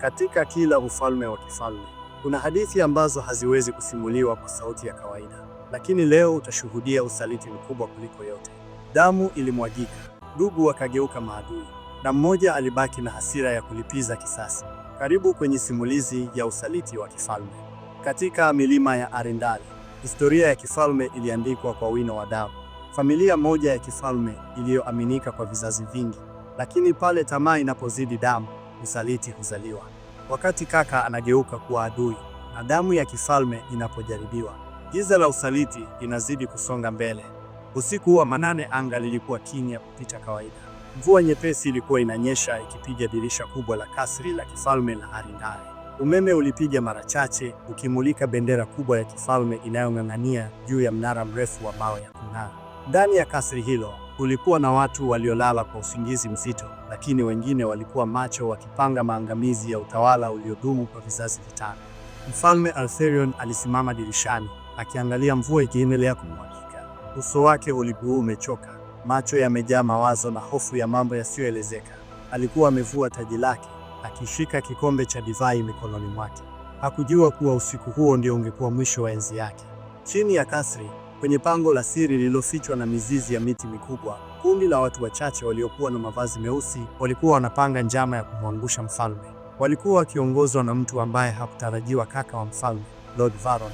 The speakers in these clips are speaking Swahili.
Katika kila ufalme wa kifalme kuna hadithi ambazo haziwezi kusimuliwa kwa sauti ya kawaida, lakini leo utashuhudia usaliti mkubwa kuliko yote. Damu ilimwagika, ndugu wakageuka maadui, na mmoja alibaki na hasira ya kulipiza kisasi. Karibu kwenye simulizi ya usaliti wa kifalme. Katika milima ya Arendali, historia ya kifalme iliandikwa kwa wino wa damu. Familia moja ya kifalme iliyoaminika kwa vizazi vingi, lakini pale tamaa inapozidi damu msaliti huzaliwa. Wakati kaka anageuka kuwa adui na damu ya kifalme inapojaribiwa, giza la usaliti linazidi kusonga mbele. Usiku wa manane, anga lilikuwa kimya kupita kawaida. Mvua nyepesi ilikuwa inanyesha ikipiga dirisha kubwa la kasri la kifalme la Arindare. Umeme ulipiga mara chache ukimulika bendera kubwa ya kifalme inayong'ang'ania juu ya mnara mrefu wa mawe ya kung'aa. Ndani ya kasri hilo Kulikuwa na watu waliolala kwa usingizi mzito, lakini wengine walikuwa macho wakipanga maangamizi ya utawala uliodumu kwa vizazi vitano. Mfalme Arthurion alisimama dirishani, akiangalia mvua ikiendelea kumwagika. Uso wake ulikuwa umechoka, macho yamejaa mawazo na hofu ya mambo yasiyoelezeka. Alikuwa amevua taji lake, akishika kikombe cha divai mikononi mwake. Hakujua kuwa usiku huo ndio ungekuwa mwisho wa enzi yake. Chini ya kasri Kwenye pango la siri lililofichwa na mizizi ya miti mikubwa, kundi la watu wachache waliokuwa na mavazi meusi walikuwa wanapanga njama ya kumwangusha mfalme. Walikuwa wakiongozwa na mtu ambaye hakutarajiwa, kaka wa mfalme, Lord Varon.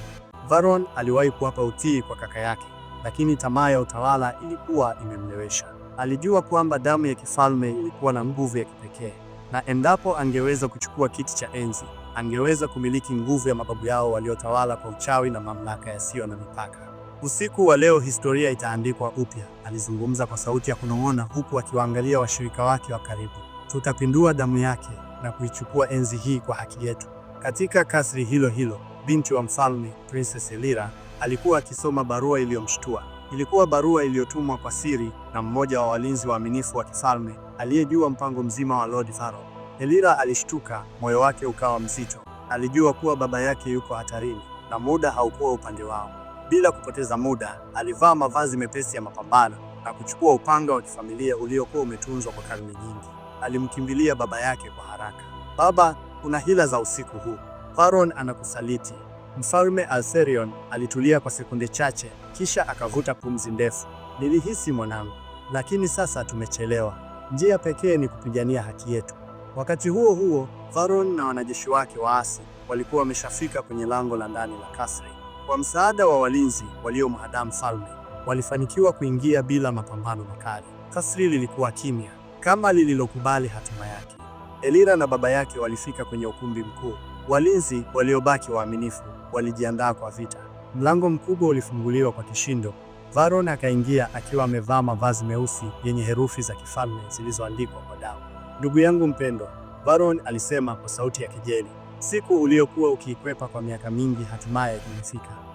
Varon aliwahi kuwapa utii kwa kaka yake, lakini tamaa ya utawala ilikuwa imemlewesha. Alijua kwamba damu ya kifalme ilikuwa na nguvu ya kipekee, na endapo angeweza kuchukua kiti cha enzi, angeweza kumiliki nguvu ya mababu yao waliotawala kwa uchawi na mamlaka yasiyo na mipaka. Usiku wa leo historia itaandikwa upya, alizungumza kwa sauti ya kunong'ona, huku akiwaangalia washirika wake wa karibu. Tutapindua damu yake na kuichukua enzi hii kwa haki yetu. Katika kasri hilo hilo, binti wa mfalme Princess Elira alikuwa akisoma barua iliyomshtua. Ilikuwa barua iliyotumwa kwa siri na mmoja wa walinzi waaminifu wa kifalme aliyejua mpango mzima wa Lord Faro. Elira alishtuka, moyo wake ukawa mzito. Alijua kuwa baba yake yuko hatarini na muda haukuwa upande wao. Bila kupoteza muda, alivaa mavazi mepesi ya mapambano na kuchukua upanga wa kifamilia uliokuwa umetunzwa kwa karne nyingi. Alimkimbilia baba yake kwa haraka. Baba, kuna hila za usiku huu, Faron anakusaliti. Mfalme Alserion alitulia kwa sekunde chache, kisha akavuta pumzi ndefu. Nilihisi mwanangu, lakini sasa tumechelewa. Njia pekee ni kupigania haki yetu. Wakati huo huo, Faron na wanajeshi wake waasi walikuwa wameshafika kwenye lango la ndani la kasri. Kwa msaada wa walinzi waliomhadamu falme walifanikiwa kuingia bila mapambano makali. Kasri lilikuwa kimya kama lililokubali hatima yake. Elira na baba yake walifika kwenye ukumbi mkuu. Walinzi waliobaki waaminifu walijiandaa kwa vita. Mlango mkubwa ulifunguliwa kwa kishindo. Varon akaingia akiwa amevaa mavazi meusi yenye herufi za kifalme zilizoandikwa kwa damu. Ndugu yangu mpendwa, Varon alisema kwa sauti ya kejeli. Siku uliokuwa ukiikwepa kwa miaka mingi hatimaye imefika.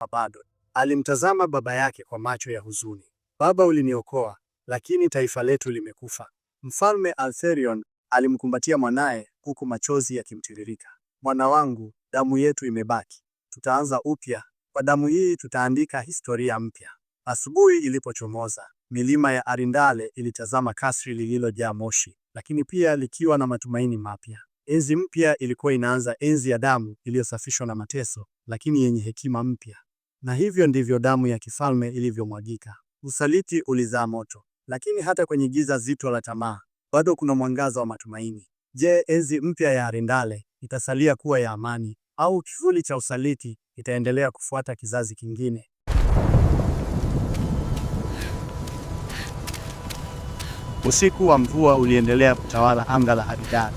Abaddon. Alimtazama baba yake kwa macho ya huzuni. Baba, uliniokoa, lakini taifa letu limekufa. Mfalme Altherion alimkumbatia mwanaye huku machozi yakimtiririka. Mwana wangu, damu yetu imebaki. Tutaanza upya. Kwa damu hii tutaandika historia mpya. Asubuhi ilipochomoza, milima ya Arindale ilitazama kasri lililojaa moshi, lakini pia likiwa na matumaini mapya. Enzi mpya ilikuwa inaanza, enzi ya damu iliyosafishwa na mateso, lakini yenye hekima mpya. Na hivyo ndivyo damu ya kifalme ilivyomwagika. Usaliti ulizaa moto, lakini hata kwenye giza zito la tamaa bado kuna mwangaza wa matumaini. Je, enzi mpya ya Arendale itasalia kuwa ya amani au kivuli cha usaliti itaendelea kufuata kizazi kingine? Usiku wa mvua uliendelea kutawala anga la Arendale,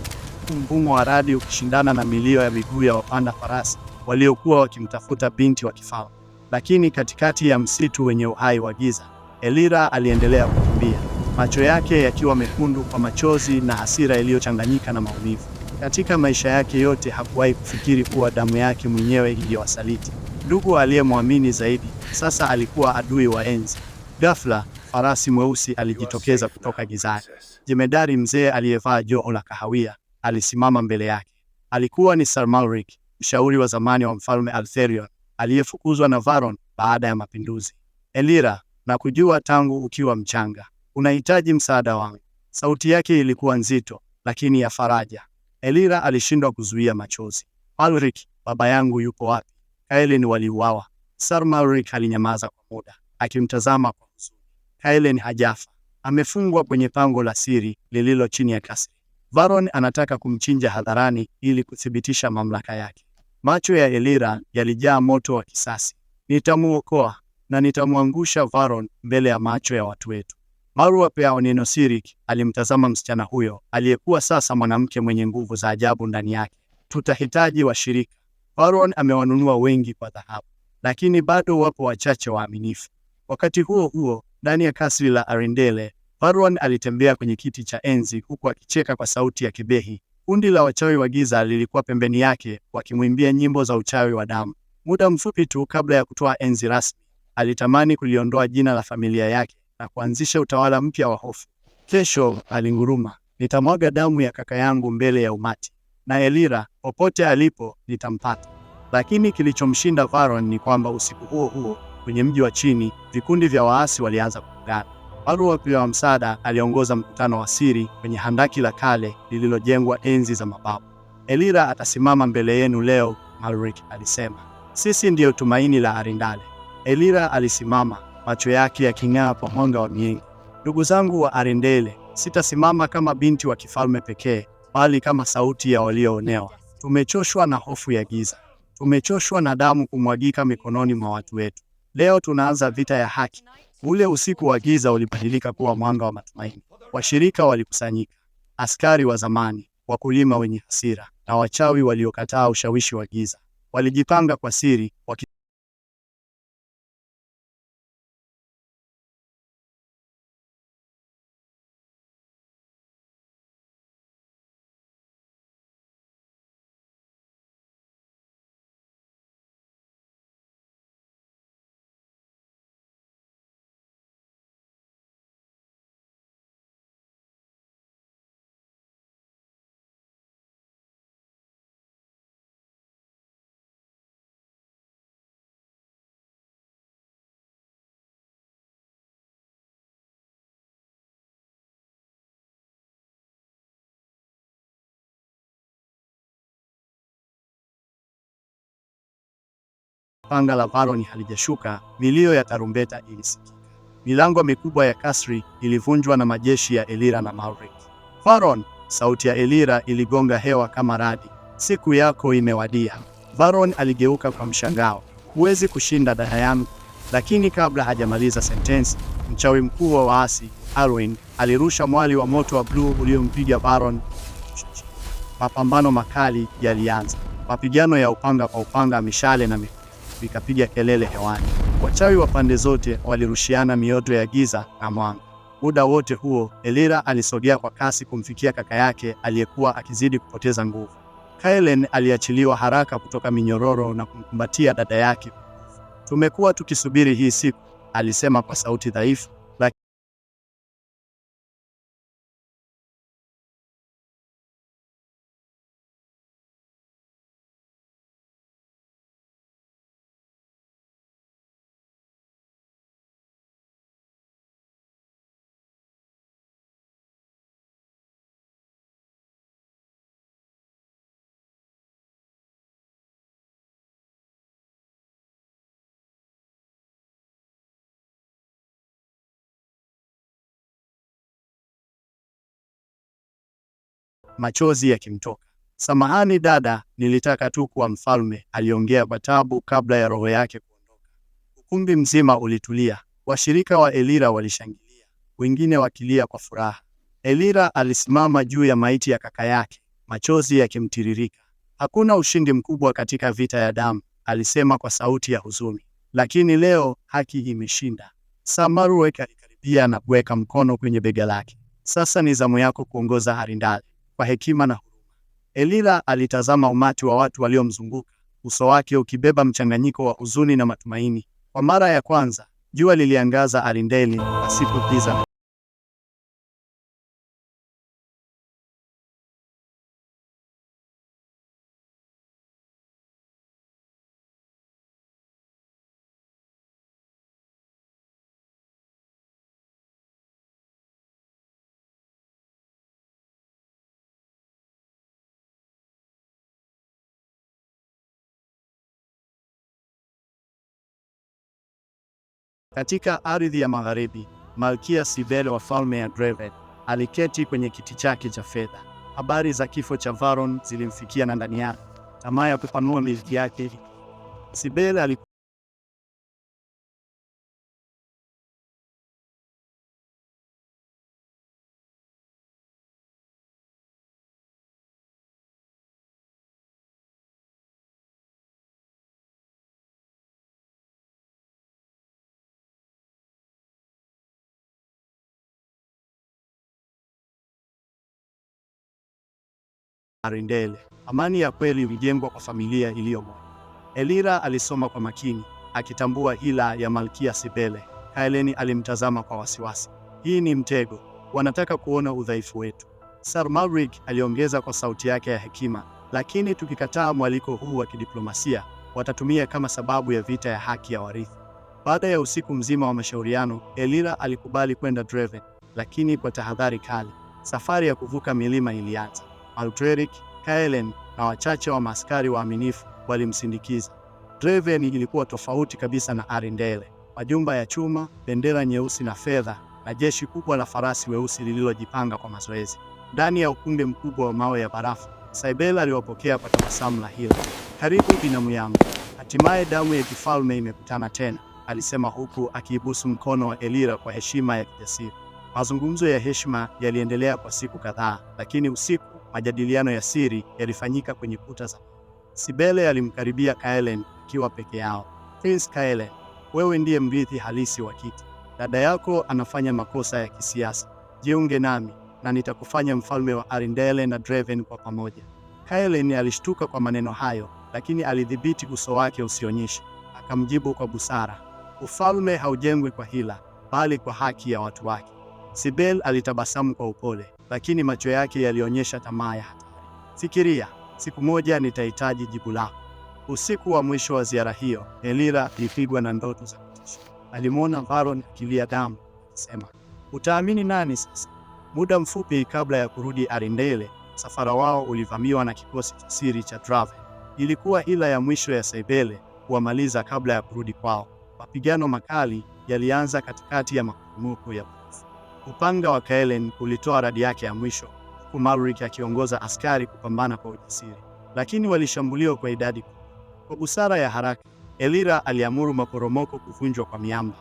mvumo wa radi ukishindana na milio ya miguu ya wapanda farasi waliokuwa wakimtafuta binti wa kifalme. Lakini katikati ya msitu wenye uhai wa giza, Elira aliendelea kukimbia, macho yake yakiwa mekundu kwa machozi na hasira iliyochanganyika na maumivu. Katika maisha yake yote hakuwahi kufikiri kuwa damu yake mwenyewe iliyowasaliti. Ndugu aliyemwamini zaidi sasa alikuwa adui wa enzi. Ghafla, farasi mweusi alijitokeza kutoka gizani. Jemedari mzee aliyevaa joho la kahawia alisimama mbele yake. Alikuwa ni Sarmalrik, mshauri wa zamani wa mfalme Altherion, aliyefukuzwa na Varon baada ya mapinduzi. Elira, na kujua tangu ukiwa mchanga, unahitaji msaada wangu. Sauti yake ilikuwa nzito lakini ya faraja. Elira alishindwa kuzuia machozi. Alric, baba yangu yupo wapi? Kaelen waliuawa. Sir Malric alinyamaza kwa muda akimtazama kwa huzuni. Kaelen hajafa, amefungwa kwenye pango la siri lililo chini ya kasri. Varon anataka kumchinja hadharani ili kuthibitisha mamlaka yake. Macho ya Elira yalijaa moto wa kisasi. Nitamuokoa na nitamwangusha Varon mbele ya macho ya watu wetu. Maruape ya neno Sirik alimtazama msichana huyo aliyekuwa sasa mwanamke mwenye nguvu za ajabu ndani yake. Tutahitaji washirika. Varon amewanunua wengi kwa dhahabu, lakini bado wapo wachache waaminifu. Wakati huo huo, ndani ya kasri la Arendelle, Varon alitembea kwenye kiti cha enzi huku akicheka kwa sauti ya kibehi Kundi la wachawi wa giza lilikuwa pembeni yake wakimwimbia nyimbo za uchawi wa damu. Muda mfupi tu kabla ya kutoa enzi rasmi, alitamani kuliondoa jina la familia yake na kuanzisha utawala mpya wa hofu. Kesho, alinguruma, nitamwaga damu ya kaka yangu mbele ya umati, na Elira popote alipo nitampata. Lakini kilichomshinda Varon ni kwamba usiku huo huo kwenye mji wa chini, vikundi vya waasi walianza kupigana. Mfalme pili wa Msada aliongoza mkutano wa siri kwenye handaki la kale lililojengwa enzi za mababu. Elira atasimama mbele yenu leo, Malrik alisema. Sisi ndiyo tumaini la Arindale. Elira alisimama, macho yake yaking'aa kwa mwanga wa miengi. Ndugu zangu wa Arindele, sitasimama kama binti wa kifalme pekee, bali kama sauti ya walioonewa. Tumechoshwa na hofu ya giza, tumechoshwa na damu kumwagika mikononi mwa watu wetu. Leo tunaanza vita ya haki, Ule usiku wa giza ulibadilika kuwa mwanga wa matumaini. Washirika walikusanyika, askari wa zamani, wakulima wenye hasira na wachawi waliokataa ushawishi wa giza. Walijipanga kwa siri waki panga la Paroni halijashuka, milio ya tarumbeta ilisikika. Milango mikubwa ya kasri ilivunjwa na majeshi ya Elira na Maurik. Varon, sauti ya Elira iligonga hewa kama radi. Siku yako imewadia. Varon aligeuka kwa mshangao. Huwezi kushinda dada yangu. Lakini kabla hajamaliza sentensi, mchawi mkuu wa waasi Alwin alirusha mwali wa moto wa bluu uliompiga Varon. Mapambano makali yalianza, mapigano ya upanga kwa upanga, mishale na mikuki vikapiga kelele hewani. Wachawi wa pande zote walirushiana mioto ya giza na mwanga. Muda wote huo, Elira alisogea kwa kasi kumfikia kaka yake aliyekuwa akizidi kupoteza nguvu. Kaelen aliachiliwa haraka kutoka minyororo na kumkumbatia dada yake. Tumekuwa tukisubiri hii siku, alisema kwa sauti dhaifu machozi yakimtoka. Samahani dada, nilitaka tu kuwa mfalme, aliongea kwa taabu kabla ya roho yake kuondoka. Ukumbi mzima ulitulia. Washirika wa Elira walishangilia, wengine wakilia kwa furaha. Elira alisimama juu ya maiti ya kaka yake, machozi yakimtiririka. Hakuna ushindi mkubwa katika vita ya damu, alisema kwa sauti ya huzuni, lakini leo haki imeshinda. Samaruweka alikaribia na kuweka mkono kwenye bega lake. Sasa ni zamu yako kuongoza Harindale kwa hekima na huruma. Elila alitazama umati wa watu waliomzunguka, uso wake ukibeba mchanganyiko wa huzuni na matumaini. Kwa mara ya kwanza jua liliangaza Arindeli pasipo giza. Katika ardhi ya magharibi, Malkia Sibel wa falme ya Dreven aliketi kwenye kiti chake cha fedha. Habari za kifo cha Varon zilimfikia na ndani yake tamaa ya kupanua milki yake. Sibel alikuwa Arindele. Amani ya kweli hujengwa kwa familia iliyo moja. Elira alisoma kwa makini, akitambua hila ya Malkia Sibele. Kaeleni alimtazama kwa wasiwasi. Hii ni mtego, wanataka kuona udhaifu wetu. Sarmalrik aliongeza kwa sauti yake ya hekima, lakini tukikataa mwaliko huu wa kidiplomasia, watatumia kama sababu ya vita ya haki ya warithi. Baada ya usiku mzima wa mashauriano, Elira alikubali kwenda Dreven, lakini kwa tahadhari kali. Safari ya kuvuka milima ilianza. Alteric, Kaelen na wachache wa maaskari waaminifu walimsindikiza. Draven ilikuwa tofauti kabisa na Arendelle. Majumba ya chuma, bendera nyeusi na fedha na jeshi kubwa la farasi weusi lililojipanga kwa mazoezi. Ndani ya ukumbi mkubwa wa mawe ya barafu, Saibela aliwapokea kwa tabasamu la hila. Karibu binamu yangu, hatimaye damu ya kifalme imekutana tena, alisema huku akiibusu mkono wa Elira kwa heshima ya kijasiri. Mazungumzo ya heshima yaliendelea kwa siku kadhaa, lakini usiku Majadiliano ya siri yalifanyika kwenye kuta za Sibele. Alimkaribia Kaelen akiwa peke yao. Prince Kaelen, wewe ndiye mrithi halisi wa kiti. Dada yako anafanya makosa ya kisiasa. Jiunge nami na nitakufanya mfalme wa Arindele na Draven kwa pamoja. Kaelen alishtuka kwa maneno hayo, lakini alidhibiti uso wake usionyeshe. Akamjibu kwa busara, ufalme haujengwi kwa hila, bali kwa haki ya watu wake. Sibel alitabasamu kwa upole lakini macho yake yalionyesha tamaa ya hatari. Fikiria, siku moja nitahitaji jibu lako. Usiku wa mwisho wa ziara hiyo, Elira alipigwa na ndoto za kutisha. Alimwona Varon akilia damu, akisema, utaamini nani sasa? Muda mfupi kabla ya kurudi arindele msafara wao ulivamiwa na kikosi cha siri cha Draven. Ilikuwa hila ya mwisho ya Saibele kuwamaliza kabla ya kurudi kwao. Mapigano makali yalianza katikati ya maporomoko ya Upanga wa Kaelen ulitoa radi yake ya mwisho, huku Malrik akiongoza askari kupambana kwa ujasiri, lakini walishambuliwa kwa idadi kubwa. Kwa busara ya haraka, Elira aliamuru maporomoko kuvunjwa kwa miamba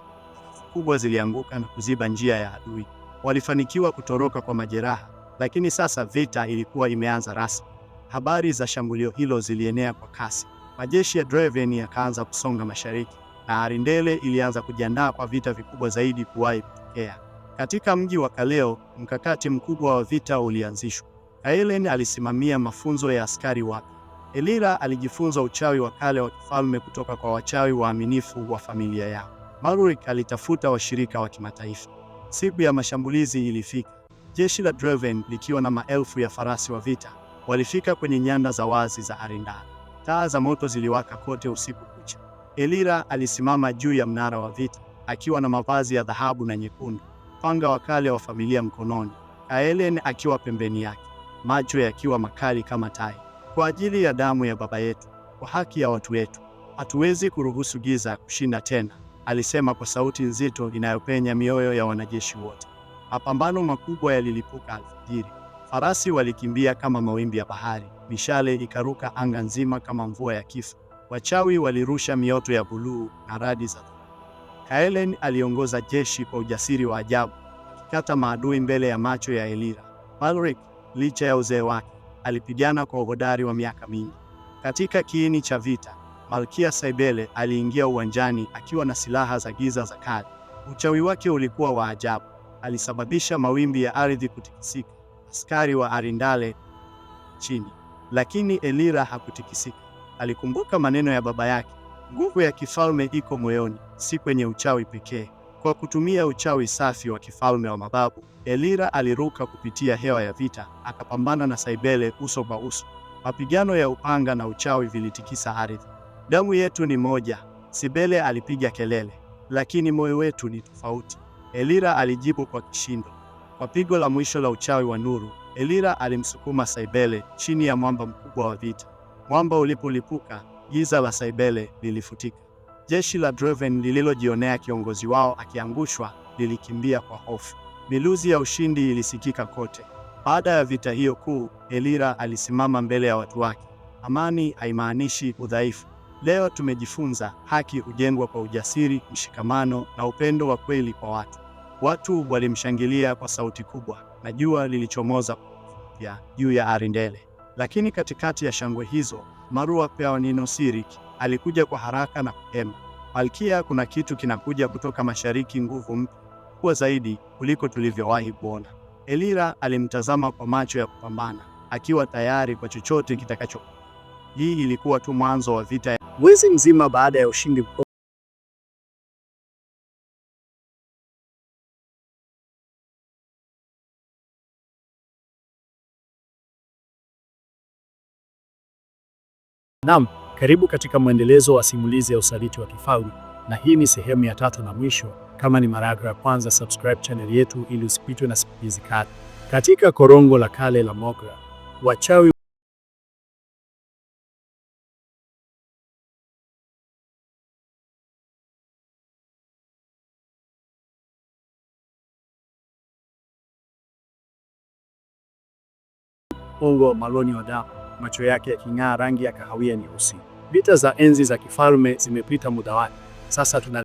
kubwa zilianguka na kuziba njia ya adui. Walifanikiwa kutoroka kwa majeraha, lakini sasa vita ilikuwa imeanza rasmi. Habari za shambulio hilo zilienea kwa kasi. Majeshi ya Draven yakaanza kusonga mashariki na Arindele ilianza kujiandaa kwa vita vikubwa zaidi kuwahi kutokea. Katika mji wa Kaleo, mkakati mkubwa wa vita ulianzishwa. Aelen alisimamia mafunzo ya askari wake. Elira alijifunza uchawi wa kale wa kifalme kutoka kwa wachawi waaminifu wa familia yao. Malric alitafuta washirika wa, wa kimataifa. Siku ya mashambulizi ilifika. Jeshi la Draven likiwa na maelfu ya farasi wa vita walifika kwenye nyanda za wazi za Arendal. Taa za moto ziliwaka kote usiku kucha. Elira alisimama juu ya mnara wa vita akiwa na mavazi ya dhahabu na nyekundu upanga wa kale wa familia mkononi, Kaelen akiwa pembeni yake, macho yakiwa makali kama tai. Kwa ajili ya damu ya baba yetu, kwa haki ya watu wetu, hatuwezi kuruhusu giza kushinda tena, alisema kwa sauti nzito inayopenya mioyo ya wanajeshi wote. Mapambano makubwa yalilipuka alfajiri. Farasi walikimbia kama mawimbi ya bahari, mishale ikaruka anga nzima kama mvua ya kifo. Wachawi walirusha mioto ya buluu na radi za Kaelen aliongoza jeshi kwa ujasiri wa ajabu, akikata maadui mbele ya macho ya Elira. Balric, licha ya uzee wake, alipigana kwa uhodari wa miaka mingi. Katika kiini cha vita, Malkia saibele aliingia uwanjani akiwa na silaha za giza za kale. Uchawi wake ulikuwa wa ajabu, alisababisha mawimbi ya ardhi kutikisika, askari wa Arindale chini. Lakini Elira hakutikisika, alikumbuka maneno ya baba yake Nguvu ya kifalme iko moyoni, si kwenye uchawi pekee. Kwa kutumia uchawi safi wa kifalme wa mababu, Elira aliruka kupitia hewa ya vita, akapambana na Saibele uso kwa uso. Mapigano ya upanga na uchawi vilitikisa ardhi. Damu yetu ni moja, Sibele alipiga kelele, lakini moyo wetu ni tofauti, Elira alijibu kwa kishindo. Kwa pigo la mwisho la uchawi wa nuru, Elira alimsukuma Saibele chini ya mwamba mkubwa wa vita. Mwamba ulipolipuka Giza la Saibele lilifutika. Jeshi la Draven lililojionea kiongozi wao akiangushwa lilikimbia kwa hofu. Miluzi ya ushindi ilisikika kote. Baada ya vita hiyo kuu, Elira alisimama mbele ya watu wake. Amani haimaanishi udhaifu. Leo tumejifunza haki hujengwa kwa ujasiri, mshikamano na upendo wa kweli kwa watu. Watu walimshangilia kwa sauti kubwa na jua lilichomoza juu ya Arindele. Lakini katikati ya shangwe hizo Marua kwa neno siri alikuja kwa haraka na kuhema, Malkia, kuna kitu kinakuja kutoka mashariki, nguvu mpya kuwa zaidi kuliko tulivyowahi kuona. Elira alimtazama kwa macho ya kupambana, akiwa tayari kwa chochote kitakacho. Hii ilikuwa tu mwanzo wa vita. Mwezi mzima baada ya ushindi Naam, karibu katika mwendelezo wa simulizi ya usaliti wa kifalme na hii ni sehemu ya tatu na mwisho. Kama ni mara yako ya kwanza, subscribe channel yetu ili usipitwe na simulizi kali. Katika korongo la kale la Mogra, wachawi ongo maloni wa damu macho yake yaking'aa rangi ya kahawia nyeusi. Vita za enzi za kifalme zimepita muda wake. Sasa tuna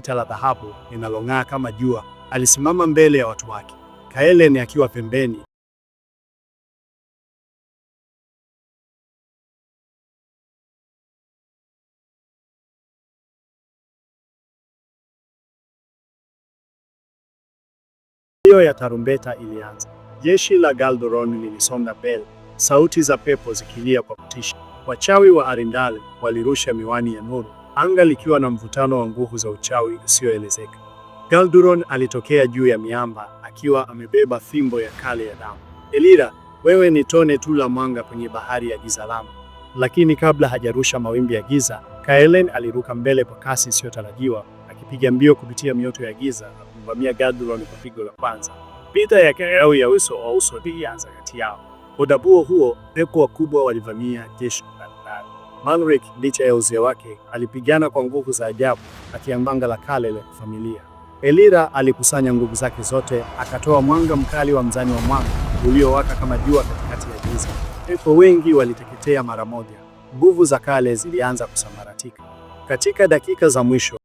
Ita la dhahabu linalong'aa kama jua, alisimama mbele ya watu wake, Kaelen akiwa pembeni. Hiyo ya tarumbeta ilianza. Jeshi la Galdoron lilisonga mbele, sauti za pepo zikilia kwa kutisha. Wachawi wa Arindal walirusha miwani ya nuru anga likiwa na mvutano wa nguvu za uchawi usioelezeka. Galduron alitokea juu ya miamba akiwa amebeba fimbo ya kale ya damu. Elira, wewe ni tone tu la mwanga kwenye bahari ya giza lamu. Lakini kabla hajarusha mawimbi ya giza, Kaelen aliruka mbele kwa kasi isiyotarajiwa, akipiga mbio kupitia mioto ya giza na kumvamia Galduron kwa pigo la kwanza. Vita ya kiau ya uso wa uso ilianza kati yao. Muda huo huo, pepo wakubwa walivamia jeshi la Manrik licha ya uzee wake alipigana kwa nguvu za ajabu akiambanga la kale la familia. Elira alikusanya nguvu zake zote akatoa mwanga mkali wa mzani wa mwanga uliowaka kama jua katikati ya giza. Pepo wengi waliteketea mara moja. Nguvu za kale zilianza kusambaratika. Katika dakika za mwisho